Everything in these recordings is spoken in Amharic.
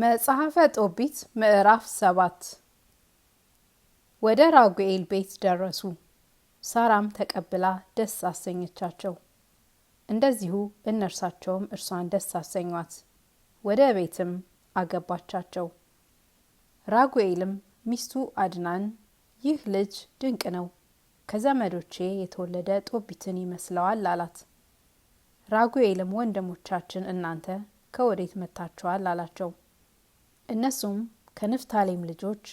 መጽሐፈ ጦቢት ምዕራፍ ሰባት ወደ ራጉኤል ቤት ደረሱ። ሳራም ተቀብላ ደስ አሰኘቻቸው፣ እንደዚሁ እነርሳቸውም እርሷን ደስ አሰኟት። ወደ ቤትም አገባቻቸው። ራጉኤልም ሚስቱ አድናን ይህ ልጅ ድንቅ ነው፣ ከዘመዶቼ የተወለደ ጦቢትን ይመስለዋል አላት። ራጉኤልም ወንድሞቻችን እናንተ ከወዴት መጥታችኋል? አላቸው። እነሱም ከንፍታሌም ልጆች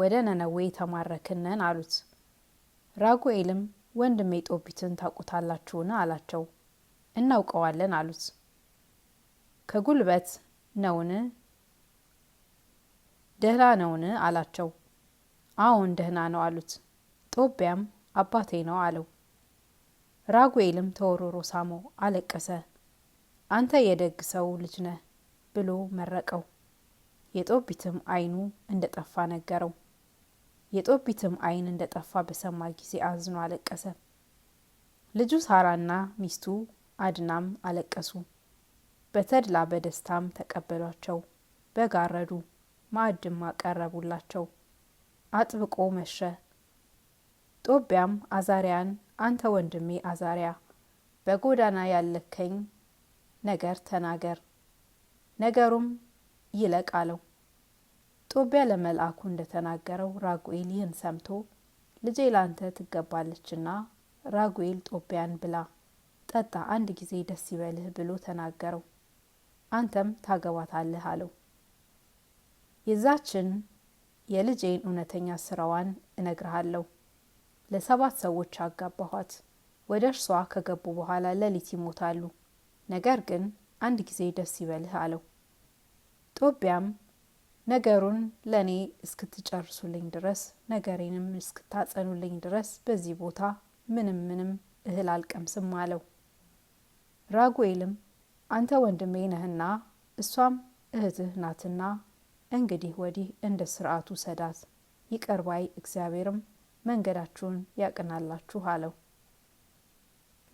ወደ ነነዌ የተማረክነን አሉት። ራጉኤልም ወንድሜ ጦቢትን ታውቁታላችሁን? አላቸው። እናውቀዋለን አሉት። ከጉልበት ነውን? ደህና ነውን? አላቸው። አዎን ደህና ነው አሉት። ጦቢያም አባቴ ነው አለው። ራጉኤልም ተወሮሮ ሳመው፣ አለቀሰ። አንተ የደግ ሰው ልጅ ነህ ብሎ መረቀው። የጦቢትም እንደ እንደጠፋ ነገረው። የጦቢትም እንደ እንደጠፋ በሰማ ጊዜ አዝኖ አለቀሰ። ልጁ ሳራና ሚስቱ አድናም አለቀሱ። በተድላ በደስታም ተቀበሏቸው። በጋረዱ ማዕድም አቀረቡላቸው። አጥብቆ መሸ። ጦቢያም አዛሪያን አንተ ወንድሜ አዛሪያ በጎዳና ያለከኝ ነገር ተናገር ነገሩም ይለቅ አለው። ጦቢያ ለመልአኩ እንደተናገረው ራጉኤል ይህን ሰምቶ ልጄ ላንተ ትገባለችና ራጉኤል ጦቢያን ብላ ጠጣ፣ አንድ ጊዜ ደስ ይበልህ ብሎ ተናገረው። አንተም ታገባታለህ አለው። የዛችን የልጄን እውነተኛ ስራዋን እነግርሃለሁ። ለሰባት ሰዎች አጋባኋት። ወደ እርሷ ከገቡ በኋላ ሌሊት ይሞታሉ። ነገር ግን አንድ ጊዜ ደስ ይበልህ አለው። ጦቢያም ነገሩን ለእኔ እስክትጨርሱልኝ ድረስ ነገሬንም እስክታጸኑልኝ ድረስ በዚህ ቦታ ምንም ምንም እህል አልቀምስም አለው። ራጉኤልም አንተ ወንድሜ ነህና እሷም እህትህ ናትና እንግዲህ ወዲህ እንደ ስርዓቱ ሰዳት፣ ይቀርባይ እግዚአብሔርም መንገዳችሁን ያቅናላችሁ አለው።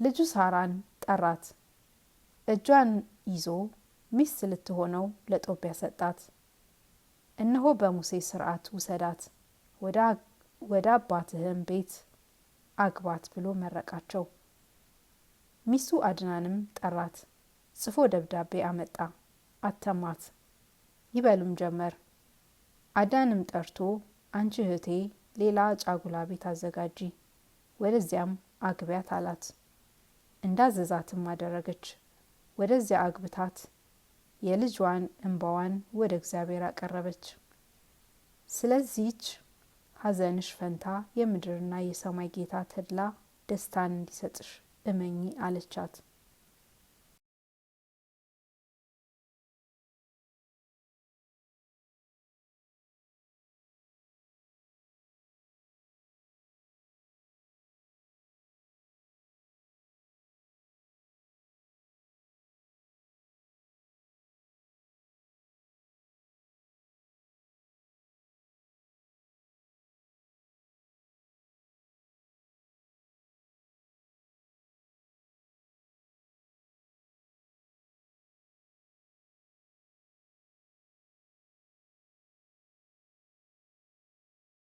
ልጁ ሳራን ጠራት፣ እጇን ይዞ ሚስት ልትሆነው ለጦቢያ ሰጣት። እነሆ በሙሴ ስርዓት ውሰዳት ወደ አባትህም ቤት አግባት ብሎ መረቃቸው። ሚስቱ አድናንም ጠራት፣ ጽፎ ደብዳቤ አመጣ፣ አተማት፣ ይበሉም ጀመር። አዳንም ጠርቶ አንቺ እህቴ ሌላ ጫጉላ ቤት አዘጋጂ፣ ወደዚያም አግቢያት አላት። እንዳዘዛትም አደረገች። ወደዚያ አግብታት የልጇን እንባዋን ወደ እግዚአብሔር አቀረበች። ስለዚህች ሐዘንሽ ፈንታ የምድርና የሰማይ ጌታ ተድላ ደስታን እንዲሰጥሽ እመኚ አለቻት።